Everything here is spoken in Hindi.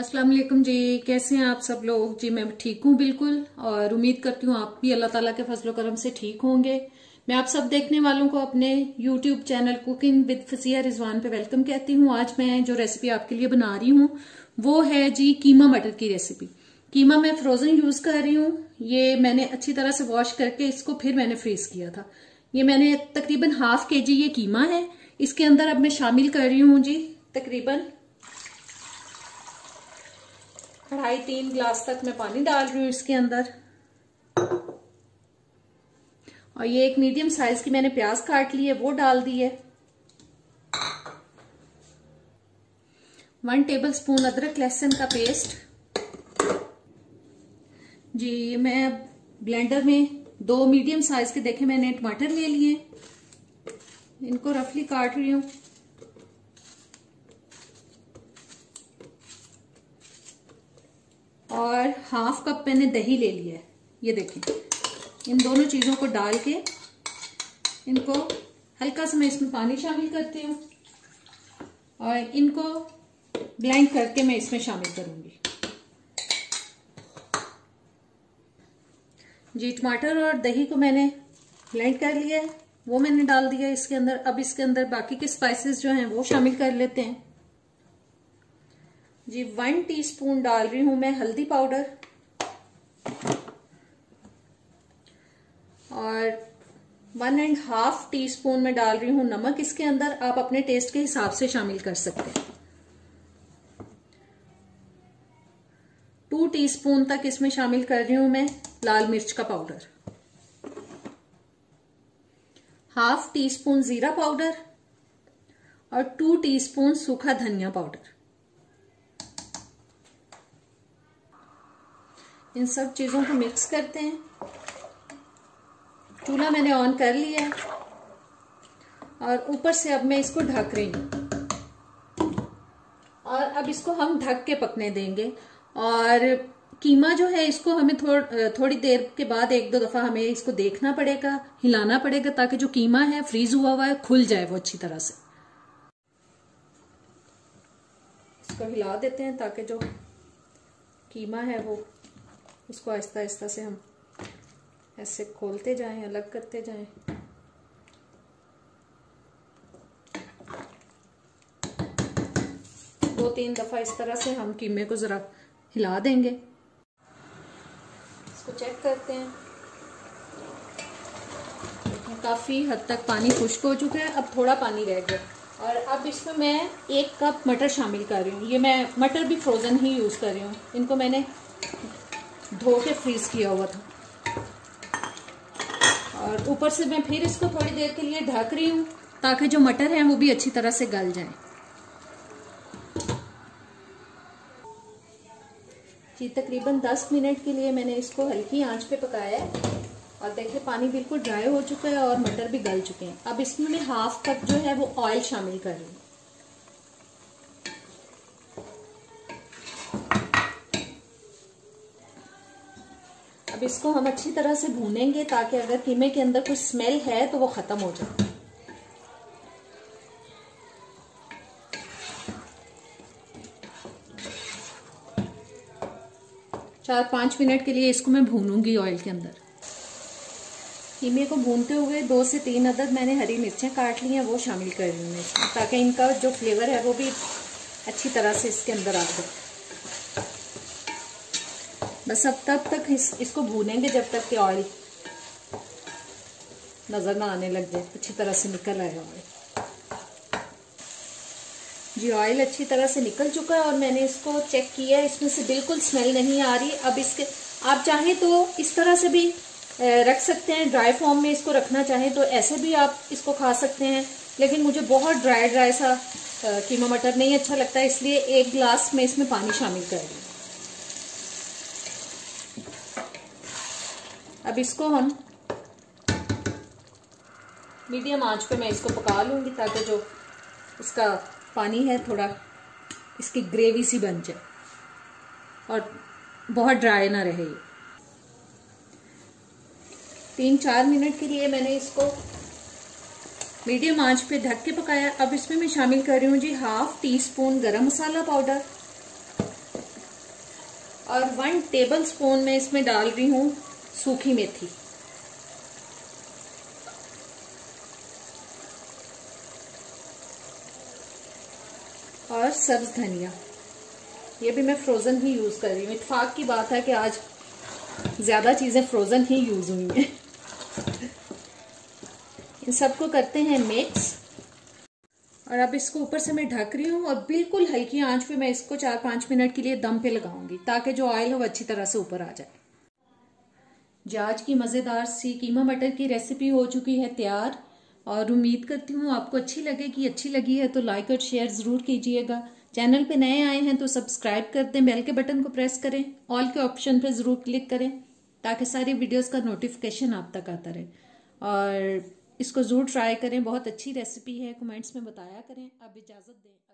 अस्सलाम वालेकुम जी कैसे हैं आप सब लोग जी मैं ठीक हूँ बिल्कुल और उम्मीद करती हूँ आप भी अल्लाह ताला के फजलो करम से ठीक होंगे मैं आप सब देखने वालों को अपने YouTube channel cooking with Fasia Rizwan पे वेलकम कहती हूँ आज मैं जो रेसिपी आपके लिए बना रही हूँ वो है जी कीमा मटर की रेसिपी कीमा मैं फ्रोजन यूज कर रही हूँ ये मैंने अच्छी तरह से वॉश करके इसको फिर मैंने फ्रीज किया था ये मैंने तकरीबन हाफ के जी ये कीमा है इसके अंदर अब मैं शामिल कर रही हूँ जी तकरीबन कढ़ाई तीन ग्लास तक मैं पानी डाल रही हूँ इसके अंदर और ये एक मीडियम साइज की मैंने प्याज काट ली है वो डाल दी है वन टेबल स्पून अदरक लहसुन का पेस्ट जी मैं ब्लेंडर में दो मीडियम साइज के देखे मैंने टमाटर ले लिए इनको रफली काट रही हूँ और हाफ कप मैंने दही ले लिया है ये देखें इन दोनों चीज़ों को डाल के इनको हल्का सा मैं इसमें पानी शामिल करती हूँ और इनको ब्लेंड करके मैं इसमें शामिल करूँगी जी टमाटर और दही को मैंने ब्लेंड कर लिया है वो मैंने डाल दिया इसके अंदर अब इसके अंदर बाकी के स्पाइसेस जो हैं वो शामिल कर लेते हैं जी वन टीस्पून डाल रही हूं मैं हल्दी पाउडर और one and half teaspoon में डाल रही हूं नमक इसके अंदर आप अपने टेस्ट के हिसाब से शामिल कर सकते हैं टू टीस्पून तक इसमें शामिल कर रही हूं मैं लाल मिर्च का पाउडर हाफ टी स्पून जीरा पाउडर और टू टीस्पून सूखा धनिया पाउडर इन सब चीज़ों को मिक्स करते हैं चूल्हा मैंने ऑन कर लिया है और ऊपर से अब मैं इसको ढक रही हूँ और अब इसको हम ढक के पकने देंगे और कीमा जो है इसको हमें थोड़ थोड़ी देर के बाद एक दो दफ़ा हमें इसको देखना पड़ेगा हिलाना पड़ेगा ताकि जो कीमा है फ्रीज हुआ हुआ है खुल जाए वो अच्छी तरह से इसको हिला देते हैं ताकि जो कीमा है वो उसको आहिस्ता आहिस्ता से हम ऐसे खोलते जाएं अलग करते जाएं दो तीन दफ़ा इस तरह से हम कीमे को ज़रा हिला देंगे इसको चेक करते हैं काफ़ी हद तक पानी खुश्क हो चुका है अब थोड़ा पानी रह गया और अब इसमें मैं एक कप मटर शामिल कर रही हूँ ये मैं मटर भी फ्रोज़न ही यूज़ कर रही हूँ इनको मैंने धो के फ्रीज किया हुआ था और ऊपर से मैं फिर इसको थोड़ी देर के लिए ढक रही हूँ ताकि जो मटर है वो भी अच्छी तरह से गल जाए जी तकरीबन 10 मिनट के लिए मैंने इसको हल्की आंच पे पकाया है और देखिए पानी बिल्कुल ड्राई हो चुका है और मटर भी गल चुके हैं अब इसमें मैं हाफ कप जो है वो ऑयल शामिल कर रही हूँ अब इसको हम अच्छी तरह से भूनेंगे ताकि अगर कीमे के अंदर कुछ स्मेल है तो वो ख़त्म हो जाए चार पाँच मिनट के लिए इसको मैं भूनूंगी ऑयल के अंदर कीमे को भूनते हुए दो से तीन अदद मैंने हरी मिर्चें काट ली हैं वो शामिल कर रही हूँ ताकि इनका जो फ्लेवर है वो भी अच्छी तरह से इसके अंदर आ जाए बस अब तब तक इस, इसको भूनेंगे जब तक कि ऑयल नज़र ना आने लग जाए अच्छी तरह से निकल है ऑयल जी ऑयल अच्छी तरह से निकल चुका है और मैंने इसको चेक किया इसमें से बिल्कुल स्मेल नहीं आ रही अब इसके आप चाहें तो इस तरह से भी रख सकते हैं ड्राई फॉर्म में इसको रखना चाहें तो ऐसे भी आप इसको खा सकते हैं लेकिन मुझे बहुत ड्राई ड्राई सा कीमा मटर नहीं अच्छा लगता इसलिए एक ग्लास में इसमें पानी शामिल कर रही अब इसको हम मीडियम आंच पे मैं इसको पका लूंगी ताकि जो इसका पानी है थोड़ा इसकी ग्रेवी सी बन जाए और बहुत ड्राई ना रहे तीन चार मिनट के लिए मैंने इसको मीडियम आंच पे ढक के पकाया अब इसमें मैं शामिल कर रही हूँ जी half teaspoon garam masala powder और वन टेबल स्पून मैं इसमें डाल रही हूँ सूखी मेथी और सब्ज धनिया ये भी मैं फ्रोज़न ही यूज़ कर रही हूँ इतफाक की बात है कि आज ज़्यादा चीज़ें फ्रोज़न ही यूज़ हुई हैं इन सबको करते हैं मिक्स और अब इसको ऊपर से मैं ढक रही हूँ और बिल्कुल हल्की आंच पे मैं इसको चार पांच मिनट के लिए दम पे लगाऊंगी ताकि जो ऑयल है वो अच्छी तरह से ऊपर आ जाए जाज की मज़ेदार सी कीमा मटर की रेसिपी हो चुकी है तैयार और उम्मीद करती हूँ आपको अच्छी लगेगी अच्छी लगी है तो लाइक और शेयर ज़रूर कीजिएगा चैनल पे नए आए हैं तो सब्सक्राइब कर दें बेल के बटन को प्रेस करें ऑल के ऑप्शन पर ज़रूर क्लिक करें ताकि सारी वीडियोस का नोटिफिकेशन आप तक आता रहे और इसको ज़रूर ट्राई करें बहुत अच्छी रेसिपी है कमेंट्स में बताया करें अब इजाज़त दें